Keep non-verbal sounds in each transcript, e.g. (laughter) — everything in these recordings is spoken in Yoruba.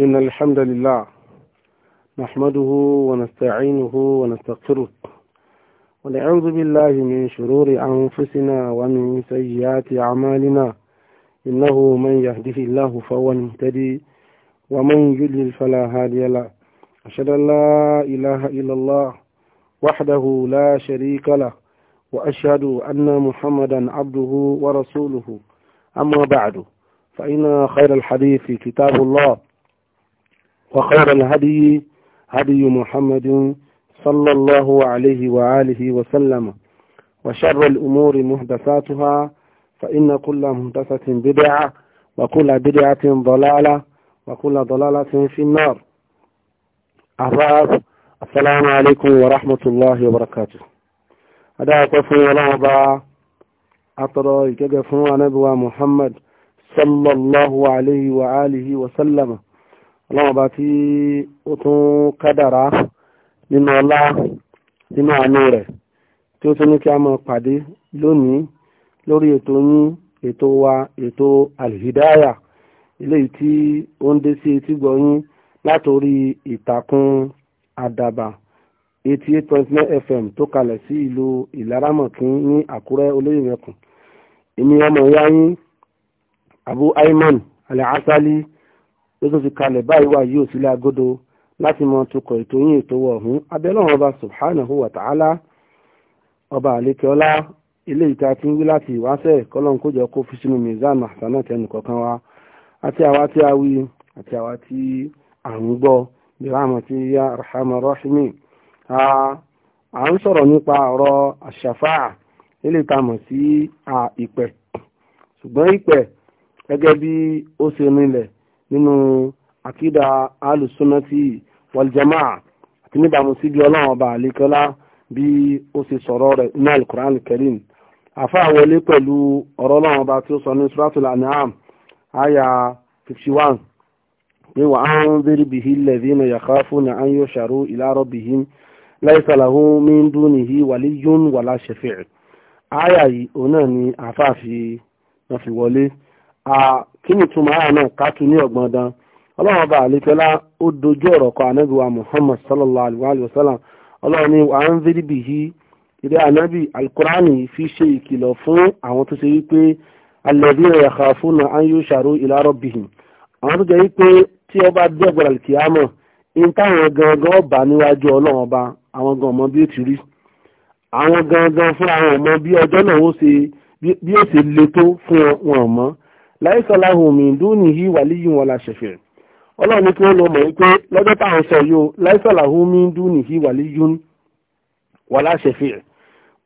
إن الحمد لله نحمده ونستعينه ونستغفره ونعوذ بالله من شرور أنفسنا ومن سيئات أعمالنا إنه من يهده الله فهو المهتدي ومن يضلل فلا هادي له أشهد أن لا إله إلا الله وحده لا شريك له وأشهد أن محمدا عبده ورسوله أما بعد فإن خير الحديث كتاب الله وخير الهدي هدي محمد صلى الله عليه وآله وسلم وشر الأمور مهدساتها فإن كل مهدسة بدعة وكل بدعة ضلالة وكل ضلالة في النار أراب السلام عليكم ورحمة الله وبركاته هذا كفو ولعبا أطرى الجد فنوى نبوى محمد صلى الله عليه وآله وسلم ọlọ́mọba tí ó tún kádàrá nínú ọlá nínú àánú rẹ̀ tí ó tún ní kí a máa pàdé lónìí lórí ètò yín ètò wa ètò alhidaya eléyìí tí ó ń dé sí etí gbọ̀nyín látòrí ìtàkùn àdàbà eighty fm tó kalẹ̀ sí ìlú ìlaramọ̀kín ní àkúrẹ́ olóyìnbẹ̀kùn èmi ọmọ ìyá yín abu ayman alẹ́ asálí ló tó fi kalẹ̀ báyìí wá yóò sílé agodo láti mọ tukọ̀ ètò yín ètò wọ̀ ọ̀hún abẹ́lọ́run ọba subhanahu wa ta'ala ọba àlékeọlá ilé ìta ti ń wí láti ìwáṣẹ̀ kọ́lọ́n kójọ kó fi sínú mizan àtàná tẹnu kọ̀ọ̀kan wa àti àwa tí a wí àti àwa tí à ń gbọ́ bíláàmù tí yá rahama rahimi à ń sọ̀rọ̀ nípa ọ̀rọ̀ àṣàfáà ilé ìta mọ̀ sí ìpẹ̀ ṣùgbọ́n ìpẹ̀ gẹ́gẹ́ bí ó ṣe nílẹ̀ nínú àkídà alùsùnàtì wàlìjàmà àti níbàámu sí bí ọlọ́run ọba àlekọ́lá bí ó ṣe sọ̀rọ̀ rẹ̀ ní alukur'an karim àfa àwọlé pẹ̀lú ọ̀rọ̀ ọlọ́run ọba tí ó sọ ní suratul an'am àyà fifty one pé wà á ń bèrè bìhí lẹ́dínà yakhafuna an yusharu ila rabbihim laysa lahum min dunihi waliyyun wala shafi' àyà yìí òun náà ni àfa fi wọlé kí ni túmọ̀ àyà náà ká tún ní ọ̀gbọ́n dán ọlọ́run ọba àlekẹ́lá ó dojú ọ̀rọ̀ kan ànábì wa muhammad sallallahu alayhi wa sallam ọlọ́run ni wà á ń vérí bì yí ìdí ànábì gangan ọba níwájú ọlọ́run ọba àwọn gan ọmọ bí ó ti rí àwọn gangan fún àwọn ọmọ bí ọjọ́ náà bí ó ṣe le tó fún wọn ọmọ láìsọ láhùn mi dúnì yìí wà líyìn wọn la ṣẹ̀fẹ̀ ọlọ́run ní kí wọ́n lọ mọ̀ wípé lọ́jọ́ táwọn sọ yìí o láìsọ láhùn mi dúnì yìí wà líyìn wọn la ṣẹ̀fẹ̀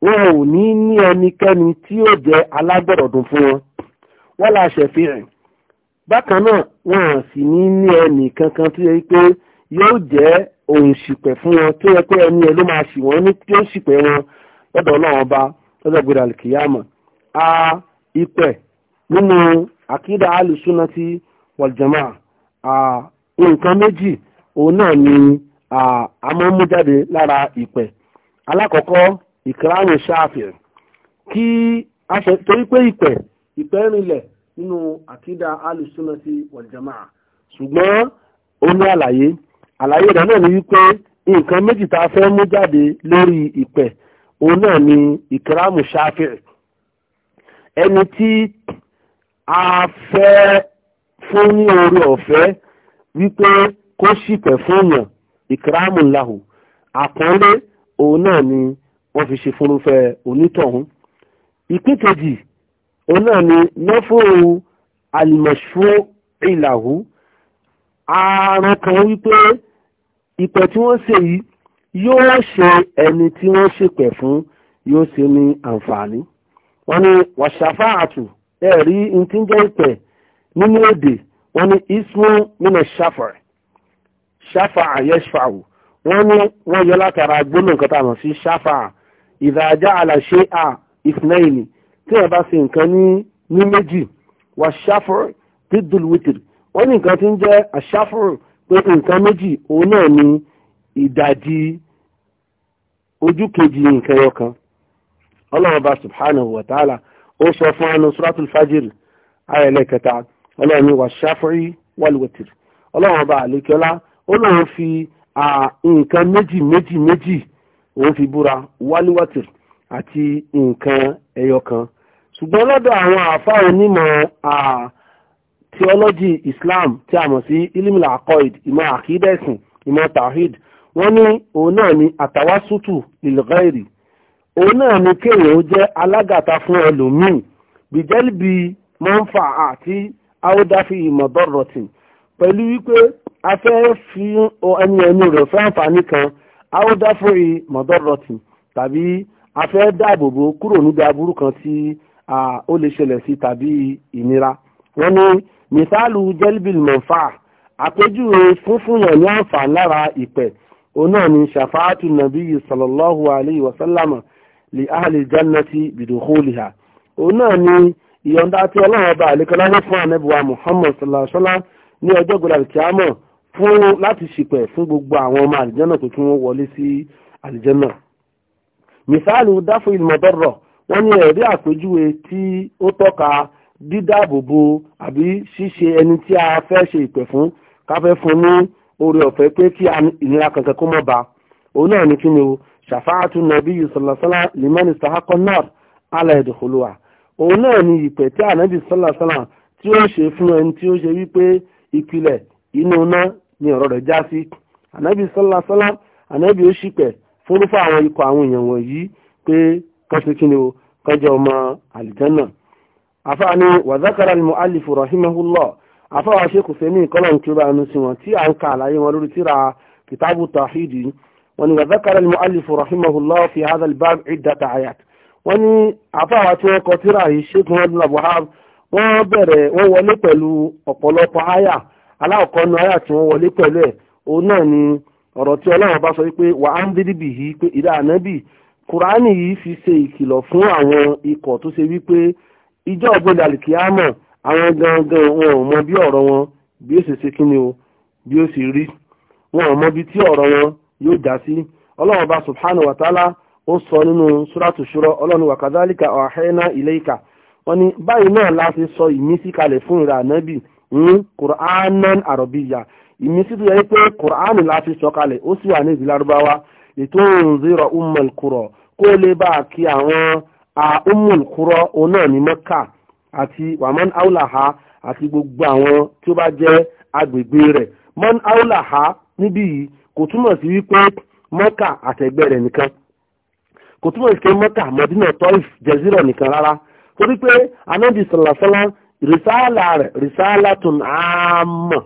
wọn ò ní ní ẹnikẹ́ni tí yóò jẹ́ alágbọ̀dọ̀dún fún wọn wọn la ṣẹ̀fẹ̀ bákan náà wọn ò sì ní ní ẹnì kankan tó yẹ pé yóò jẹ́ òun ṣìpẹ̀ fún wọn tó yẹ pé ẹni ẹ ló máa ṣì wọ́n ní tí ó ṣìpẹ̀ wọn lọ́dọ̀ ọlọ́run ọba lọ́dọ̀ gbọdọ̀ àlùkìyàmọ̀ a ìpẹ́ nínú àkídà alùsúnàtì wàljàmà nǹkan méjì òun náà ni amómújáde lára ìpẹ̀ alákọ̀ọ́kọ́ ìkìláàmù ṣáàfihàn kí aṣọ torí pé ìpẹ̀ ìpẹ̀ rinlẹ̀ nínú àkídà alùsúnàtì wàljàmà ṣùgbọ́n ó ní àlàyé àlàyé rẹ̀ náà ni wípé nǹkan méjì tá a fẹ́ mú jáde lórí ìpẹ̀ òun náà ni ìkìláàmù ṣáàfihàn ẹni tí a fẹ́ fún ní oore ọ̀fẹ́ wípé kó ṣìpẹ̀ fún yàn ìkíráàmù lahu àpọ́nlé òun náà ni wọ́n fi ṣe fúnrúfẹ́ onítọ̀hún ìpín kejì òun náà ni nọ́fóòrù àlìmọ̀ṣú ìlàhú ààrùn kan wípé ìpẹ̀ tí wọ́n ṣe yìí yóò ṣe ẹni tí wọ́n ṣèpẹ̀ fún yóò ṣe ní àǹfààní wọ́n ní wàṣàfáàtù ẹ̀rí ntí ń jẹ́ ìpẹ́ nínú èdè wọ́n ní ismu mina ṣáfà ṣáfà yashfa'u wọ́n ní wọ́n yọ látara gbólóhùn nǹkan tá a mọ̀ sí ṣáfà idha ja'ala shay'a ithnaini tí wọ́n bá ṣe nǹkan ní ní méjì wà ṣáfà diddul witr wọ́n ní nǹkan tí ń jẹ́ ṣáfà pé nǹkan méjì òun náà ní ìdajì ojú kejì nǹkan ẹyọ kan ọlọ́run bá subhanahu wa ta'ala ó sọ fún anu suratul fajr ayẹ̀ lẹ́kẹta ọlọ́run ní wà ṣáfúrí wàlúwẹ̀tìrì ọlọ́run ọba àlékẹ́lá ó lóun fi nǹkan méjì méjì méjì òun fi búra wàlúwẹ̀tìrì àti nǹkan ẹyọ kan ṣùgbọ́n lọ́dọ̀ àwọn àáfàá onímọ̀ theology Islam tí a mọ̀ sí ilimil akọ́id ìmọ̀ àkídẹ́sìn ìmọ̀ tawhid wọ́n ní òun náà ní àtàwásútù lil ghairi òun náà ni kéèyàn ó jẹ́ alágàtà fún ẹlòmíì bìjẹ́lìbì mọ́ǹfà àti áwòdáfì ìmọ̀dọ́rọ̀tì pẹ̀lú wípé a fẹ́ fi ẹni ẹnu rẹ̀ fún àǹfààní kan áwòdáfì ìmọ̀dọ́rọ̀tì tàbí a fẹ́ dáàbòbò kúrò níbi aburú kan tí ó lè ṣẹlẹ̀ sí tàbí ìnira wọ́n ní mìsáàlù jẹ́lìbì mọ̀ǹfà àpèjúwe fúnfúnyàn ní àǹfààní lára ìpẹ̀ òun ni ṣàfáàtù nàbíyì sallallahu alayhi wa sallama lè áhàlì jannati bìdòkóòlìhà òun náà ni ìyọ̀ǹda tí ọlọ́run ọba àlékọ́lá ní fún anábìwá muhammad sallallahu alaihi wasallam ní ọjọ́ gbọdọ̀ kíámọ̀ fún láti ṣìpẹ̀ fún gbogbo àwọn ọmọ àlìjánà tó tún wọlé sí àlìjánà. misaalu dáfù ìmọ̀dọ́rọ̀ wọ́n ní ẹ̀rí àpèjúwe tí ó tọ́ka dídáàbòbò àbí ṣíṣe ẹni tí a fẹ́ ṣe ìpẹ̀ fún káfẹ́ fún ní oore ọ̀fẹ́ pé kí ìnira kankan kó mọ́ ba òun náà ní kí ni o ṣàfáàtú nàbí ìsọ̀lọ̀sọ́lá limani sahakọ náà aláìdìkọlùwà òun náà ni ìpẹ̀ tí ànábì sọ́lọ̀sọ́lá tí ó ṣe fún ẹni tí ó ṣe wípé ìpìlẹ̀ inú iná ni ọ̀rọ̀ rẹ̀ já sí ànábì sọ́lọ̀sọ́lá ànábì ó ṣìpẹ̀ fúrúfú àwọn ikọ̀ àwọn èèyàn wọ̀nyí pé kọ́síkíni o kọjá ọmọ àlìjánà afáà ni wàzákàrà ni mu'allifu rahimahullah afáà wa ṣe kò sẹ́mi ìkọlọ̀ nkiri anú sí wọn tí à ń ka àlàyé wọn lórí tíra kìtàbù tàhídì wọ́n ní wàzákàrà al-mu'allif rahimahullah fi hadha al-bab iddat ayat wọ́n ní àfáwà tí wọ́n kọ tírà yìí ṣégun ọdún abuhab wọ́n bẹ̀rẹ̀ wọ́n wọlé pẹ̀lú ọ̀pọ̀lọpọ̀ àyà aláwọ̀kọ́ nu àyà tí wọ́n wọlé pẹ̀lú ẹ̀ òun náà ni ọ̀rọ̀ tí ọlọ́run bá sọ wípé wà á ń dídí bì yìí pé ìdá ànábì kùránì yìí fi ṣe ìkìlọ̀ fún àwọn ikọ̀ tó ṣe wípé ìjọ ọ̀gbọ́dọ̀ àlìkíyàmọ̀ àwọn gangan wọn ò mọ bí ọ̀rọ̀ wọn bí ó ṣe ṣe kíni o bí ó sì rí wọn ò mọ bí tí ọ̀rọ̀ wọn yóò já sí ọlọ́run ọba subhanahu wa ta'ala ó sọ nínú suratu shura ọlọ́run wa kadhalika ọ̀hẹ́nà ilayka wọ́n ní báyìí náà la ṣe sọ ìmísí kalẹ̀ fún ìrà ànábì ní kùránán àrọ̀bíyà ìmísí tó yẹ pé kùránù la fi sọ kalẹ̀ ó sì wà ní ìdílé arúbáwá ètò òǹzírọ̀ ummul qura kó lè bá a kí àwọn ummul qura òun náà ní mọ́kà àti wàmán áùlàhà àti gbogbo àwọn tí bá jẹ́ agbègbè rẹ̀ mọ́n áùlàhà níbí yìí kò túmọ̀ sí wípé mọ́kà àtẹ̀gbẹ́ rẹ̀ nìkan kò túmọ̀ sí pé mọ́kà mọ́dínà tọ́ìf jẹ́zírọ̀ nìkan rárá torí pé anábì sọ̀làsọ́lá rìsáàlà rẹ̀ rìsáàlà tún àmọ̀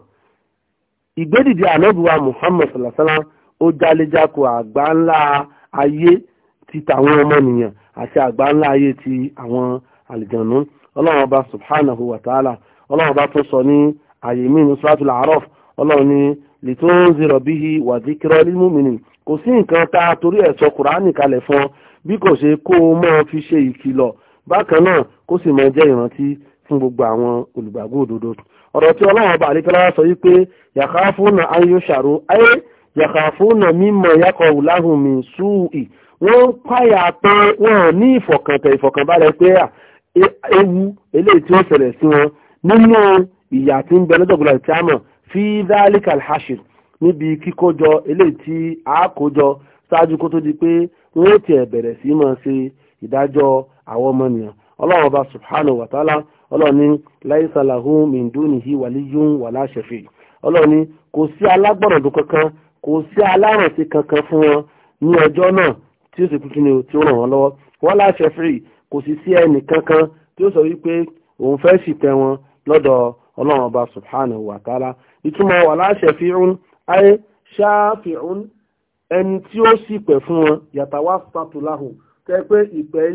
ti tàwọn ọmọnìyàn àti ayé ti àwọn àlìjànú ọlọ́run ọba subhanahu wa ta'ala ọlọ́run ọba tó sọ ní àyè mí ní lè tó ń zèrò bí i wàdíkírọ́ límú mi nì kò sí nǹkan tá a torí ẹ̀ sọ kùránì kalẹ̀ fún ọ bí kò ṣe kó o mọ́ fi ṣe ìkìlọ̀ bákan náà kó sì mọ jẹ́ ìrántí fún gbogbo àwọn olùgbàgbọ́ òdodo ọ̀rọ̀ tí ọlọ́run ọba àlékọ́lá sọ wípé yàkà fúnà ayé ṣàrò ayé yàkà fúnà mímọ̀ yakọ̀ wùláhùn mi súùì wọ́n páyà tán wọ́n ní ìfọ̀kàntẹ̀ ìfọ̀kànbalẹ̀ pé e, ewu eléyìí tí ó ṣẹlẹ̀ sí wọn nínú ìyà tí ń bẹ lọ́dọ̀gbọ̀lá ìtí fi dhalika alhashir níbi kíkójọ eléyìí tí a kójọ ṣáájú kó tó di pé wọ́n ó tiẹ̀ bẹ̀rẹ̀ sí máa ṣe ìdájọ́ àwọn ọmọnìyàn ọlọ́run ọba subhanahu wa ta'ala ọlọ́run ní laisa lahum min dunihi waliyyun wala shafi' kò sí alágbọ̀rọ̀dún kankan kò sí alárànṣe kankan fún wọn ní ọjọ́ náà tí ó sì kú kíni tí ó ràn wọ́n lọ́wọ́ wala kò sì sí ẹnì kankan tí ó sọ wípé òun fẹ́ ṣìtẹ́ wọn lọ́dọ̀ ọlọ́run ọba subhanahu wa ta'ala ìtumọ̀ wàlá ṣẹ̀fíún ayé ṣáfíún ẹni tí ó sì pẹ̀ fún wọn yàtà wá fàtúláhù tẹ́ pé ìpẹ́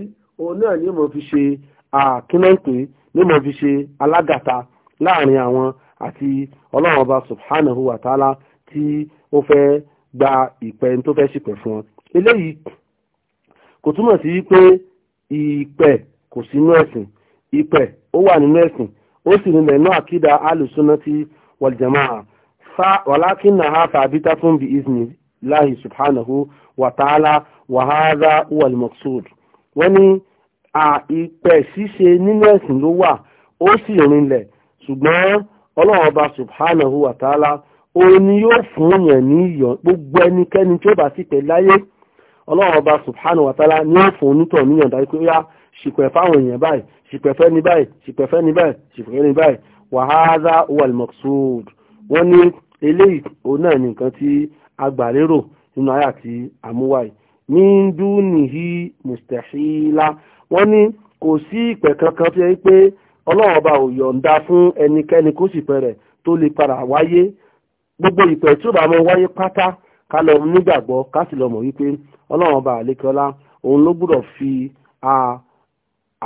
òun náà ni mo fi ṣe àkínọ́ǹpé ni mo fi ṣe alágàta láàrin àwọn àti ọlọ́run ọba subhanahu wa ta'ala tí ó fẹ́ gba ìpẹ́ tó fẹ́ sì pẹ̀ fún wọn eléyìí kò túmọ̀ sí wípé ìpẹ̀ kò sínú ẹ̀sìn ìpẹ̀ ó wà nínú ẹ̀sìn ó sì nílẹ̀ náà àkídà alùsùnà ti والجماعة ولكنها ثابتة بإذن الله سبحانه وتعالى وهذا هو المقصود وني ìpẹ̀ ṣíṣe nínú ẹ̀sìn ló wà ó sì rinlẹ̀ ṣùgbọ́n ọlọ́run ọba subhanahu wa ta'ala òun ni yóò fún yẹn ní ìyọ̀ gbogbo ẹnikẹ́ni tí ó bá sì pẹ̀ láyé ọlọ́run ọba subhanahu wa ta'ala ni yóò fún onítọ̀ níyàn pé ó yá ṣìpẹ̀ fáwọn èèyàn báyìí ṣìpẹ̀ fẹ́ báyìí ṣìpẹ̀ fẹ́ báyìí ṣìpẹ̀ ní báyìí wàhálà wal maqsud wọ́n ní eléyìí òun nìkan ní nǹkan tí agbàlérò nínú ayé tí àmúwáyé ní dúnìhí mustahila wọ́n ní kò sí ìpẹ̀ kankan tó yẹ pé ọlọ́run ò yọ̀ǹda fún ẹnikẹ́ni kó sì tó lè padà wáyé gbogbo ìpẹ̀ tí ó bá mọ wáyé pátá ká lọ nígbàgbọ́ ká sì lọ fi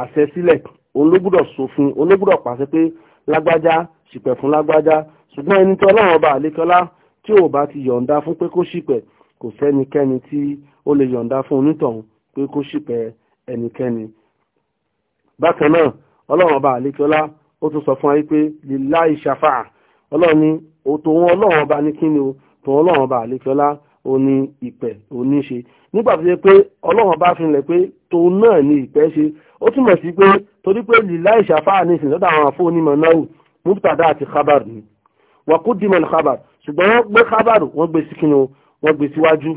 àṣẹ sílẹ̀ òun ló gbúdọ̀ sòfin òun lágbájá ṣìpẹ̀ fún lágbájá ṣùgbọ́n ẹni tí ọlọ́run ọba àlékọ́lá tí ò bá ti yọ̀ǹda fún pé kó ṣìpẹ̀ kò sẹ́nikẹ́ni tí ó lè yọ̀ǹda fún onítọ̀hún pé kó ṣìpẹ̀ ẹnikẹ́ni. bákan náà ọlọ́run ọba àlékọ́lá ó tún sọ fún wa pé lillahi shafa'a ọlọ́run ni tòun ọlọ́run ọba ní kíni o tòun ọlọ́run ọba àlékọ́lá ó ní ìpẹ̀ ó ní ṣe nígbà tó yẹ pé ọlọ́run ọba fi hàn lẹ̀ pé tòun náà ni ìfẹ́ ṣe ó túmọ̀ sí pé torí pé lílá ìṣàfáà ní ìsìn lọ́dọ̀ àwọn àfọ onímọ̀ náà mubtada àti khabar ni wa qudima al-khabar ṣùgbọ́n wọ́n gbé khabar wọ́n gbé sí kíni wọ́n gbé síwájú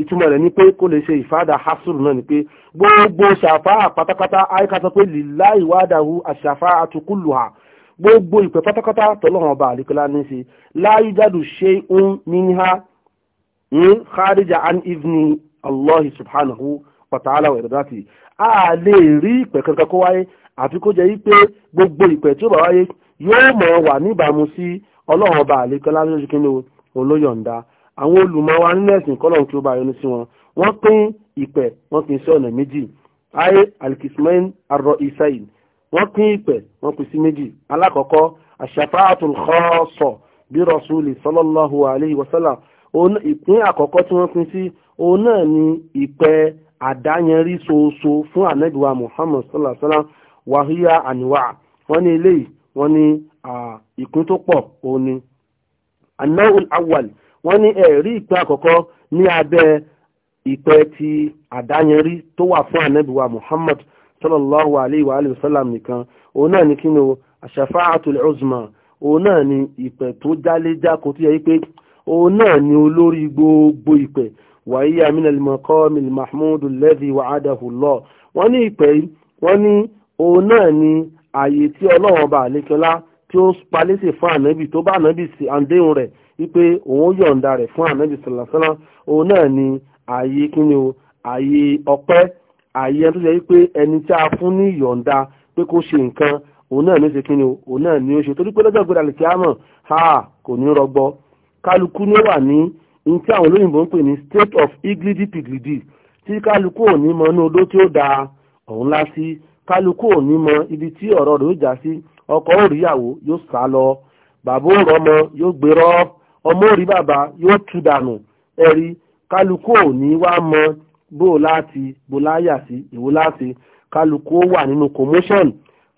ìtumọ̀ rẹ̀ ni pé kó lè ṣe ìfádà hasur náà ni pé gbogbo ṣàfáà pátápátá àyíká sọ pé lílá ìwádàhu ash-shafa'atu kulluha gbogbo ìpè pátápátá tọ́lọ́wọ́n ọba àlekọ́lá ní ṣe la yujadu shay'un minha hmm, kharija an idhni Allah subhanahu pàtàkì ẹ̀dọ̀dátì a lè rí ìpẹ̀ kankan kó wáyé àfi kó jẹ́ wípé gbogbo ìpẹ̀ tí ó bá wáyé yóò mọ̀ wà níbàámu sí ọlọ́run ọba àlékọ́ lálẹ́ kí ni olóyọ̀ǹda àwọn olùmọ̀ wa nínú ẹ̀sìn kọ́lọ́run kí ó bá yọ́nú sí wọn wọ́n pín ìpẹ̀ wọ́n pín sí ọ̀nà méjì ayé alikismain arọ isaid wọ́n pín ìpẹ̀ wọ́n pín sí méjì alákọ̀ọ́kọ́ àṣàfáàtún kọ́ọ̀sọ̀ ìpín àkọ́kọ́ tí wọ́n pín sí òun náà ni ìpẹ́ àdáyẹnrí ṣoṣo fún ànábìwá muhammad sallallahu alaihi wa sallam àníwá wọ́n ní eléyìí wọ́n ní ìpín tó pọ̀ òun ni anáhùn awal wọ́n ní ẹ̀rí ìpín àkọ́kọ́ ní abẹ́ ìpẹ́ ti àdáyẹnrí tó wà fún ànábìwá muhammad sallallahu alaihi wa sallam nìkan òun náà ní kí ni o àṣàfáàtul uzma òun náà ni ìpẹ́ tó jálé jákò tó yẹ pé òun náà ni olórí gbogbo ìpẹ́ wàyíyá minal maqamil mahmud alladhi wa'adahu Allah wọ́n ní ìpè wọ́n ní òun náà ni ààyè tí ọlọ́run ọba àlékọlá tí ó palẹ́sẹ̀ fún ànábì tó bá ànábì sí àǹdéhùn rẹ̀ wípé òun yọ̀ǹda rẹ̀ fún ànábì sàlàsánà òun náà ni ààyè kíni o ààyè ọpẹ́ ààyè tó ṣe wípé ẹni tí a fún ní yọ̀ǹda pé kó ṣe nǹkan òun náà ní ṣe kíni o òun náà ní ó ṣe torí pé lọ́jọ́ ìgbéra lè kíámọ̀ ha kò ní rọgbọ kálukú ni ó wà ní ní tí àwọn olóyìnbó ń pè ní state of iglidi piglidi tí kálukú ò ní mọ inú odó tí ó da ọ̀hún lá sí kálukú ò ní mọ ibi tí ọ̀rọ̀ rẹ̀ ó já sí ọkọ ò ríyàwó yóò sá lọ bàbá ò rọmọ yóò gbérọ ọmọ ò rí bàbá yóò tú dànù ẹ̀rí kálukú ò ní wá mọ bó láti bó láyà sí ìwó láti kálukú ó wà nínú commotion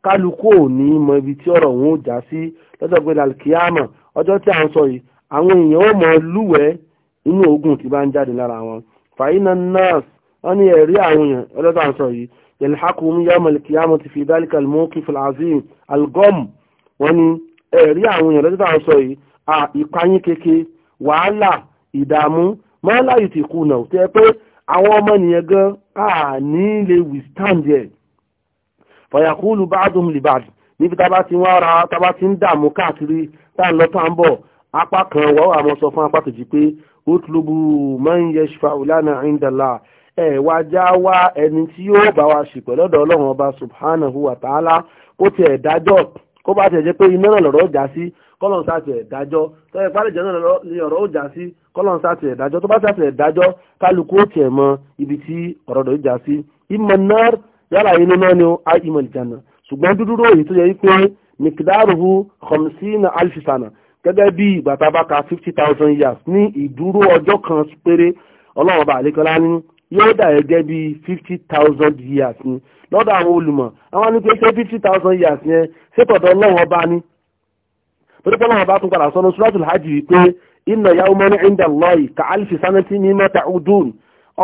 kálukú ò ní mọ ibi tí ọ̀rọ̀ òun ó já sí lọ́jọ́ gbẹdàlì kíámà ọjọ́ tí à ń sọ yìí àwọn èèyàn ó mọ lúwẹ̀ẹ́ inú ogun tí bá ń jáde lára wọn fàyínà nurse wọ́n ní ẹ̀rí àwọn èèyàn ọlọ́tà ń sọ yìí yalhaquhum yawmal qiyamati fi dhalika al-mawqif al-azim al-gham wọ́n ní ẹ̀rí àwọn èèyàn ọlọ́tà ń sọ yìí à ìpayín keke wàhálà ìdààmú mọ́lá yutiquna tí ẹ pé àwọn ọmọ nìyẹn gan à ní lè withstand ẹ̀ fàyàkúlù ba'dhum li níbi tá a bá ti wá ra tá a bá ti ń dààmú káàkiri tá a lọ tá a ń bọ̀ apá kan wọ́n wà mọ́ sọ fún apá kejì pé utlubu man yashfa'u lana indala ẹ wá já wá ẹni tí yóò bá wa ṣì pẹ̀lú ọ̀dọ̀ ọlọ́run ọba subhanahu wa ta'ala kó tiẹ̀ dájọ́ kó bá tiẹ̀ jẹ́ pé iná náà lọ́rọ̀ já sí kọ́lọ́n sá tiẹ̀ dájọ́ tọ́yẹ pálíjà náà ni ọ̀rọ̀ ó já sí kọ́lọ́n sá tiẹ̀ dájọ́ tó bá sá tiẹ̀ dájọ́ kálukú ó tiẹ̀ mọ ibi tí ọ̀rọ̀ rẹ̀ já sí ìmọ̀ náà yálà inú náà ni á ìmọ̀ ìjànà ṣùgbọ́n dúdúró gẹ́gẹ́ bí ìgbà bá ka fifty thousand years ní ìdúró ọjọ́ kan péré ọlọ́run ọba àlékọ́lá ní yóò dà gẹ́gẹ́ bí fifty thousand years ni lọ́dọ̀ àwọn olùmọ̀ àwọn ní pé ṣé fifty thousand years yẹn ṣé tọ̀dọ̀ ọlọ́run ọba ni torí pé ọlọ́run ọba tún padà sọ́nu suratul hajj wípé inna yawman inda Allahi ka alfi sanati mimma ta'udun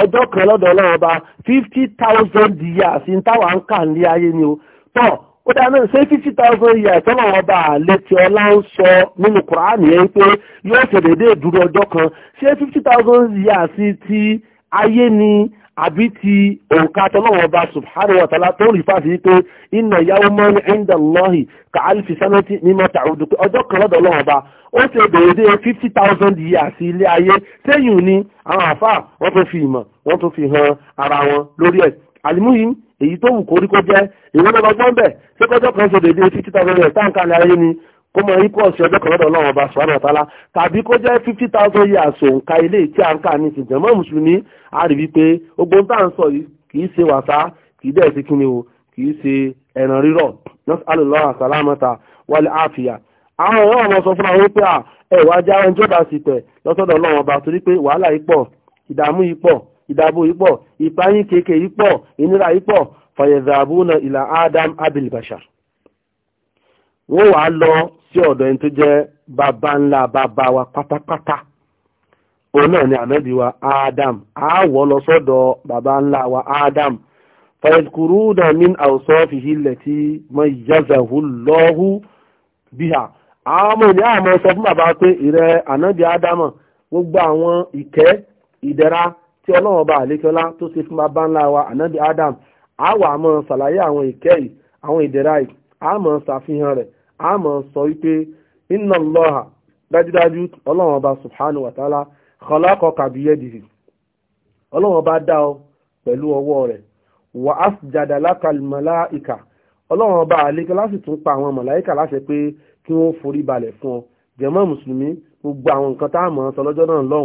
ọjọ́ kan lọ́dọ̀ ọlọ́run ọba fifty thousand years ní táwa ń kà ní ayé ni o tọ́ ó náà ṣé fifty thousand years tọ́lọ̀ wọn bá a létí ọlá ń sọ nínú Quran yẹn pé yóò ṣe déédéé dúró ọjọ́ kan ṣé fifty thousand years ti ayé ni àbí ti òǹkà tọ́lọ́wọ́ ọba subhanahu wa ta'ala tó rí fáfi pé inna yawman inda Allahi ka alfi sanati mimma ta'udu pé ọjọ́ kan lọ́dọ̀ ọlọ́wọ́ ọba ó ṣe dèédé fifty thousand years sí ilé ayé sẹ́yìn ni àwọn àfáà wọ́n tó fi ìmọ̀ wọ́n tó fi hàn ara wọn lórí ẹ̀ àlìmúyìn èyí tó wù kórí kó jẹ́ ìwé lọ́ba gbọ́n bẹ̀ ṣé kọjọ́ kan ṣe dédé fifty thousand years táǹkà ní ayé ni kó mọ ikú ọ̀sẹ̀ ọjọ́ kan lọ́dọ̀ ọlọ́run ọba sùwárà ọ̀tálá tàbí kó jẹ́ fifty thousand years òǹkà ilé tí a ń kà ní ìjọba mùsùlùmí a rí wípé ogun tá à ń sọ yìí kì í ṣe wàsá kì í dẹ̀ sí kíni o kì í ṣe ẹ̀ràn rírọ̀ alùlọ́ àsàlámọ́ta wálé àfìyà àwọn ọ̀rọ̀ ìdààbò yìí pọ̀ ìpayín kéèké yìí pọ̀ ìnira yìí pọ̀ fàyẹ̀zàbúnà ìlà adam abil bashar wọ́n wàá lọ sí ọ̀dọ̀ ẹni tó jẹ́ bàbá ńlá bàbá wa pátápátá òun náà ni ànábì wa adam àwọ̀ lọ sọ́dọ̀ bàbá ńlá wa adam fàyẹ̀kùrúnà min awsafihi allati mayyazahu Allahu biha àwọn ọmọ ìlú àmọ́ sọ fún bàbá pé ìrẹ ànábì ádámọ̀ gbogbo àwọn ìkẹ́ ìdẹ̀ra tí ọlọ́run ọba àlékọ́lá tó ṣe fún bàbá ńlá wa ànábì Adam a wà mọ́ ṣàlàyé àwọn ìkẹ́ yìí àwọn ìdẹ̀ra yìí a mọ́ ṣàfihàn rẹ̀ a mọ́ sọ wípé inna Allaha dájúdájú ọlọ́run ọba subhanahu wa ta'ala khalaqaka biyadihi ọlọ́run ọba dá ọ pẹ̀lú ọwọ́ rẹ̀ wà á jàdà lákàlì màláìkà ọlọ́run ọba àlékọ́lá sì tún pa àwọn màláìkà láṣẹ pé kí wọ́n forí balẹ̀ fún ọ jẹ̀mọ́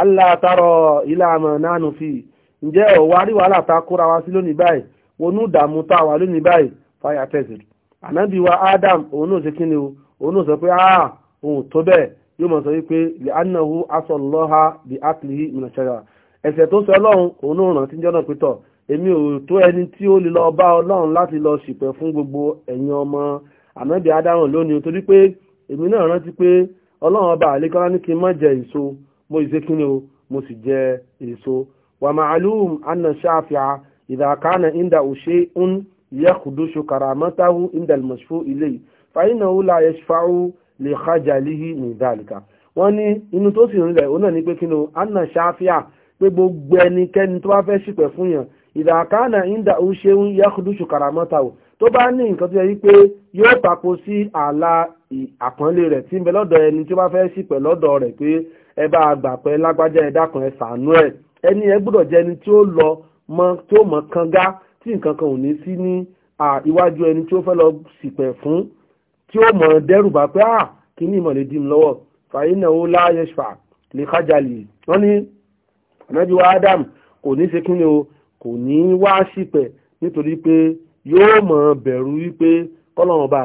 aláàtàrọ̀ ìlànà nánú fi ǹjẹ́ ọ̀wọ́ àríwáàlà ta kóra wa sí lónìí báyìí wọnú ìdààmú tá a wà lónìí báyìí fire wa Adam òun náà ṣe o òun náà sọ pé ah òun tó bẹ́ẹ̀ yóò mọ̀ sọ wípé the anahu asọ̀lọ́ha bí akilihi ìmọ̀ṣẹ́ra ẹ̀sẹ̀ tó sọ ọlọ́run òun náà rántí jọ́nà pétọ̀ èmi ẹni tí ó lè lọ bá ọlọ́run láti lọ fún gbogbo ẹ̀yin ọmọ Adam lónìí torí pé èmi náà rántí pé mo sì ṣe kí ni o mo sì jẹ èso wà màálùm anna ṣáfìá ìdàkánà ìdà òṣè ń yẹ́kùdúṣu kàràmọ́táhù ìdà ìmọ̀ṣfó ilé fàyínà ó la yẹsùfáù lè kájà líhì ní ìdálìkà wọ́n ní inú tó sì rìnlẹ̀ ó náà ní pé kí ni o anna ṣáfìá pé gbogbo ẹnikẹ́ni tó bá fẹ́ ṣìpẹ̀ fún yàn ìdàkánà ìdà òṣè ń yẹ́kùdúṣu kàràmọ́táhù tó bá ní nǹkan tó yẹ wípé yóò tako sí ààlà àpọ́nlé rẹ̀ tí ń bẹ lọ́dọ̀ ẹni tó bá fẹ́ ṣìpẹ̀ lọ́dọ̀ rẹ̀ pé ẹ bá a gbà pé lágbájá ẹ dákun ẹ ṣàánú ẹ ẹni ẹ gbọ́dọ̀ jẹ́ ẹni tí ó lọ mọ tí ó mọ kanga tí nǹkan kan ò ní sí ní iwájú ẹni tí ó fẹ́ lọ ṣìpẹ̀ fún tí ó mọ dẹ́rù pé à ah, kí ni ìmọ̀lẹ́ dì mí lọ́wọ́ fàyínà ó láàyè ṣfà lè kájàlè wọ́n ní ànájú wa Adam kò ní ṣe kí ni o kò ní wá ṣìpẹ̀ nítorí pé yóò mọ bẹ̀rù wípé kọ́lọ́run ọba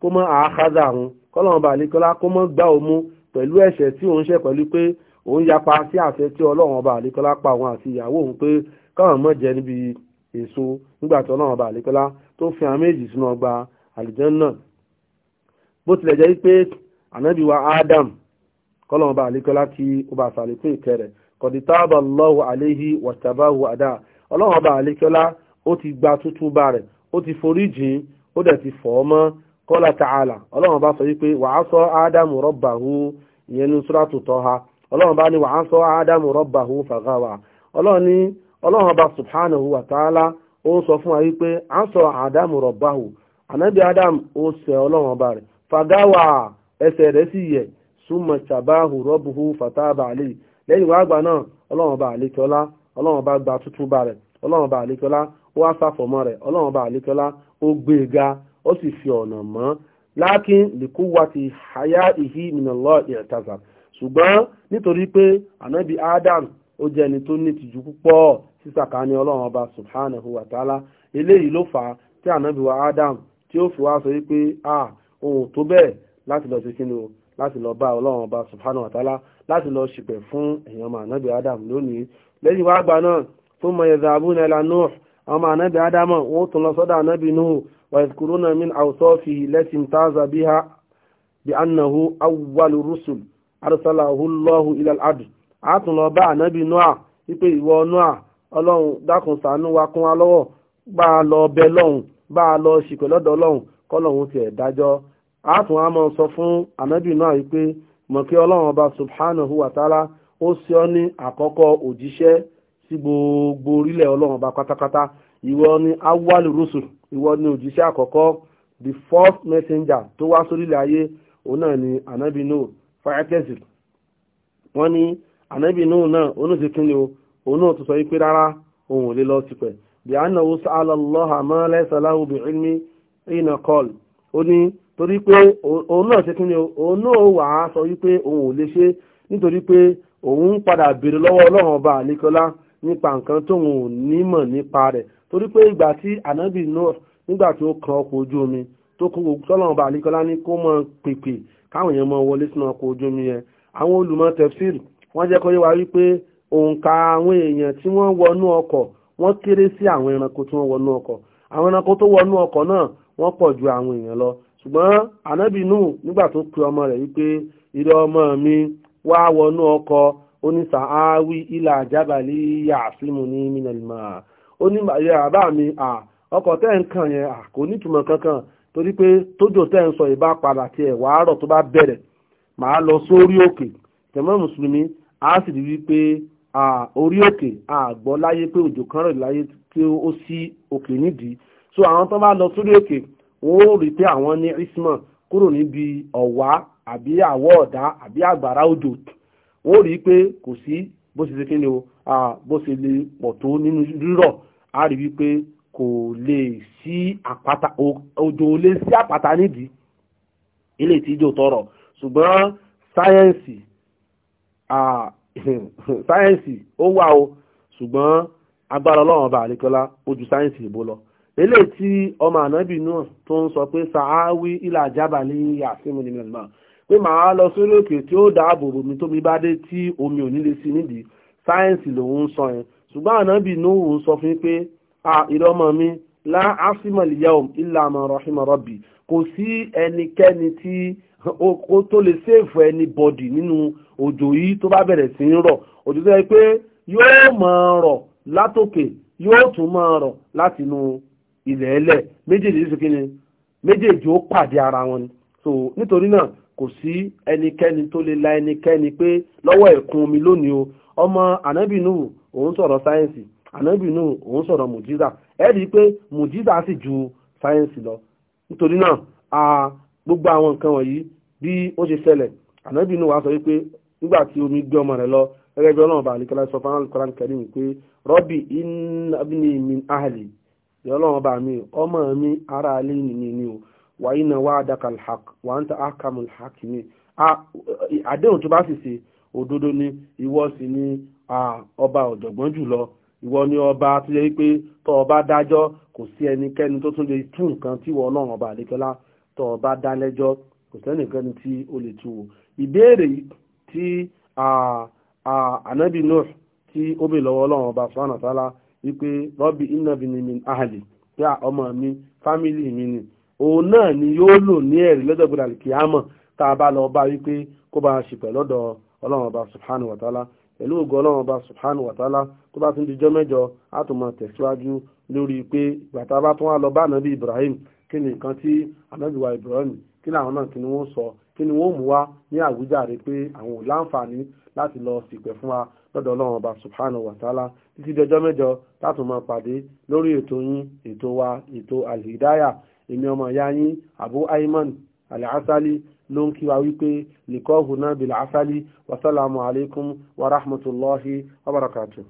kó mọ àákádà àwọn kọ́lọ́run ọba kó mọ gbá òmu pẹ̀lú ẹ̀ṣẹ̀ tí òun ṣẹ̀ pẹ̀lú pé òun yapa sí àṣẹ tí ọlọ́run ọba àlékọ́lá pa òun àti ìyàwó òun pé káwọn mọ̀ jẹ níbi èso nígbà tí ọlọ́run ọba àlékọ́lá tó fi àwọn méjì sínú ọgbà àlìjẹ́nnà bó tilẹ̀ jẹ́ pé ànábì wa Adam kọ́lọ́run ọba àlékọ́lá kí ó bá ṣàlékún ìkẹ́ rẹ̀ kọ̀dítàbà lọ́wọ́ àléhì wọ̀tàbáwò àdá ọlọ́run ọba àlékọ́lá ó ti gba tútúbà rẹ̀ ó ti foríjìn ó dẹ̀ ti fọ̀ ọ́ mọ́ kọ́lá ta'ala ọlọ́run bá sọ wípé wà á sọ ádámù rọ́bàhú ìyẹn ní súrátù tọ́ha ọlọ́run bá ní wà á sọ ádámù rọ́bàhú fàgáwà ọlọ́run subhanahu wa ta'ala ó sọ fún wa wípé sọ ádámù rọ́bàhú ànábì ádámù ó sẹ ọlọ́run bá rẹ̀ fàgáwà ẹsẹ̀ rẹ̀ sì yẹ̀ súnmọ̀ sàbáhù hu fàtàbà àlè lẹ́yìn wá gbà náà ọlọ́run bá àlékọ́lá ọlọ́run bá gba tútù bá rẹ̀ ọlọ́run bá àlékọ́lá ó wá rẹ̀ ó sì fi ọ̀nà mọ́ lákín lìkúwa ti hayá ìhí minallah ìrẹ̀tàzà ṣùgbọ́n nítorí pé ànábì adam ó jẹ́ ẹni tó ní tìjú púpọ̀ sísàkà ní ọlọ́run ọba subhanahu wa ta'ala eléyìí ló fà á tí ànábì wa adam tí ó fi wá sọ wípé a ohun tó bẹ́ẹ̀ láti lọ sí kí ni o láti lọ bá ọlọ́run ọba subhanahu wa ta'ala láti lọ ṣìpẹ̀ fún èèyàn ọmọ ànábì adam lónìí lẹ́yìn wá gbà náà tó mọ ẹ̀dà abúlé la nuh ويذكرون من أوصافه التي امتاز بها بأنه أول الرسل أرسله الله إلى الأرض àtúnlọ bá ànábì noah wípé ìwọ noah ọlọ́run dákun ṣàánú wa kún wa lọ́wọ́ bá a lọ bẹ lọ́hùn bá a lọ ṣìpẹ̀ lọ́dọ̀ ọlọ́run kọ́lọ́hún tiẹ̀ dájọ́ àtún àmọ́ sọ fún ànábì noah wípé mọ̀kí ọlọ́run ọba subhanahu wa ta'ala ó sì ọ́ ní àkọ́kọ́ òjíṣẹ́ sí gbogbo orílẹ̀ ọlọ́run ọba pátápátá ìwọ ni awal rusul ìwọ ni òjíṣẹ́ àkọ́kọ́ the first messenger tó wá sórí sórílẹ̀ ayé òun náà ni anabi nuhu fayatẹ́sì wọ́n ní anabi nuhu náà onóṣe kí ni o òun náà tó sọ wípé rárá òun ò lè lọ sípẹ̀ bí a náà wọ́n sàálà lọ́ha máa lẹ́sà láwù bí ìnà kọ́ọ̀lù ó ní torí pé òun náà ṣe kí ni o òun náà wà á sọ wípé òun ò lè ṣe nítorí pé òun ń padà bèrè lọ́wọ́ ọlọ́run ọba àlékọlá nípa nǹkan tóun ò nímọ̀ nípa rẹ̀ torí pé ìgbà tí ànábì Nuh nígbà tí ó kan ọkọ̀ ojú omi tó kún gbogbo tọ́lọ́run bá àlíkọ́lá ní kó mọ pèpè káwọn èèyàn mọ wọlé sínú ọkọ̀ ojú omi yẹn àwọn olùmọ̀ tefsir wọ́n jẹ́ kó yé wa wípé òǹkà àwọn èèyàn tí wọ́n wọnú ọkọ̀ wọ́n kéré sí àwọn ẹranko tí wọ́n wọnú ọkọ̀ àwọn ẹranko tó wọnú ọkọ̀ náà wọ́n pọ̀ ju àwọn èèyàn lọ ṣùgbọ́n ànábì Nuh nígbà tó pe ọmọ rẹ̀ wípé ìrẹ́ ọmọ mi wá wọnú ọkọ̀ oníṣàáwí ilà àjábàlì yàá símù ní mínàlímà ó ní bàbá mi ọkọ̀ tẹ́ ń kàn yẹn kò nítumọ̀ kankan torí pé tójò tẹ́ ń sọ ìbá padà tí ẹ̀ wàá rọ̀ tó bá bẹ̀rẹ̀ màá lọ sórí òkè tẹ̀mọ́ mùsùlùmí á sì rí wípé orí òkè àgbọ̀ láyé pé òjò kan rọ̀ láyé tí ó sí òkè nídìí so àwọn tó bá lọ sórí òkè wọn ó rí pé àwọn ní isma kúrò níbi ọ̀wá àbí àwọ̀ ọ̀dá àbí àgbàrá òjò wọn ó rí pé kò sí bó ṣe ṣe kí ni o bó ṣe lè pọ̀ tó nínú rírọ̀ a rí wípé kò lè sí àpáta òjò lè sí àpáta nídìí ilé tí ìjò tọrọ ṣùgbọ́n sáyẹ́ǹsì (laughs) sáyẹ́ǹsì ó wà o ṣùgbọ́n agbára ọlọ́run ọba àríkọlá ó ju sáyẹ́ǹsì ìbò lọ ilé tí ọmọ ànábì náà tó ń sọ pé sàáwí ilà jábà ní yàsímù ní mẹ́lìmọ́ pé màá lọ sórí òkè tí ó dáàbò bòmí tómi bá dé tí omi ò ní lè sí nídìí sáyẹ́ǹsì lòun ń sọ yẹn ṣùgbọ́n ànábì Nuhu ń sọ fún pé ìrọmọ mi lá asimali yawm illa man rahima rabbi kò sí ẹnikẹ́ni tí ó tó lè ṣèfù ẹni bọ̀dì nínú òjò yìí tó bá bẹ̀rẹ̀ sí ń rọ̀ òjò tó yẹ pé yóò máa rọ̀ látòkè yóò tún máa rọ̀ láti inú ilẹ̀ ẹlẹ̀ méjèèjì ṣe kí ni méjèèjì ó pàdé ara wọn so nítorí náà kò sí ẹnikẹ́ni tó lè la ẹnikẹ́ni pé lọ́wọ́ ẹ̀kún omi lónìí o ọmọ anabinu Nuhu òun sọ̀rọ̀ sáyẹ́ǹsì ànábì Nuhu òun sọ̀rọ̀ mùjíza ẹ pé sì ju sáyẹ́ǹsì lọ nítorí náà a gbogbo àwọn nǹkan wọ̀nyí bí ó ṣe ṣẹlẹ̀ ànábì Nuhu sọ omi gbé ọmọ lọ gẹ́gẹ́ bí ọlọ́run bá àlekẹ́lá sọ fún alukoran kẹrin pé rọ́bì inabini min ahli ọlọ́run ọmọ ara alẹ́ nìyí ni o wàyí náà wà á òdodo ni ìwọ sì ni ọba ọ̀jọ̀gbọ́n jùlọ ìwọ ni ọba tó yẹ pé tọ́ ọba dájọ́ kò sí ẹnikẹ́ni tó tún lè tú nǹkan tí ìwọ ọlọ́run ọba àdékọ́lá tọ́ ọba dá lẹ́jọ́ kò sẹ́nìkan tí ó lè tú o ìbéèrè tí anabi nuh tí ó bè lọ́wọ́ ọlọ́run ọba subhanahu wa wípé rọ́bì innabini min ahli pé ọmọ mi fámìlì mi ni òun náà ni yóò lò ní ẹ̀rí lọ́dọ̀ gbọdọ̀ àlìkìyàmọ̀ tá a bá lọ bá wípé kó bá a ṣe ọlọ́run ọba subhanahu wa ta'ala pẹ̀lú ògo ọlọ́run ọba subhanahu wa ta'ala tó bá tún di jọ́ mẹ́jọ á tún tẹ̀síwájú lórí pé ìgbà bá tún wá lọ bá ànábì Ibrahim kí ni nǹkan tí ànábì wa Ibrahim kí ni àwọn náà kí ni wọ́n sọ kí ni wọ́n mú wá ní àwíjàre pé àwọn ò láǹfààní láti lọ ṣìpẹ̀ fún wa lọ́dọ̀ ọlọ́run ọba subhanahu wa ta'ala títí dọjọ́ mẹ́jọ látún máa pàdé lórí ètò yín ètò wa ètò alhidaya èmi ọmọ Abu Aiman àlàásálí ló ń kíwa wípé lìkọ́hùn náà bìlà ásálí wàsálàmù alaikum wa rahmatullahi wa barakatuh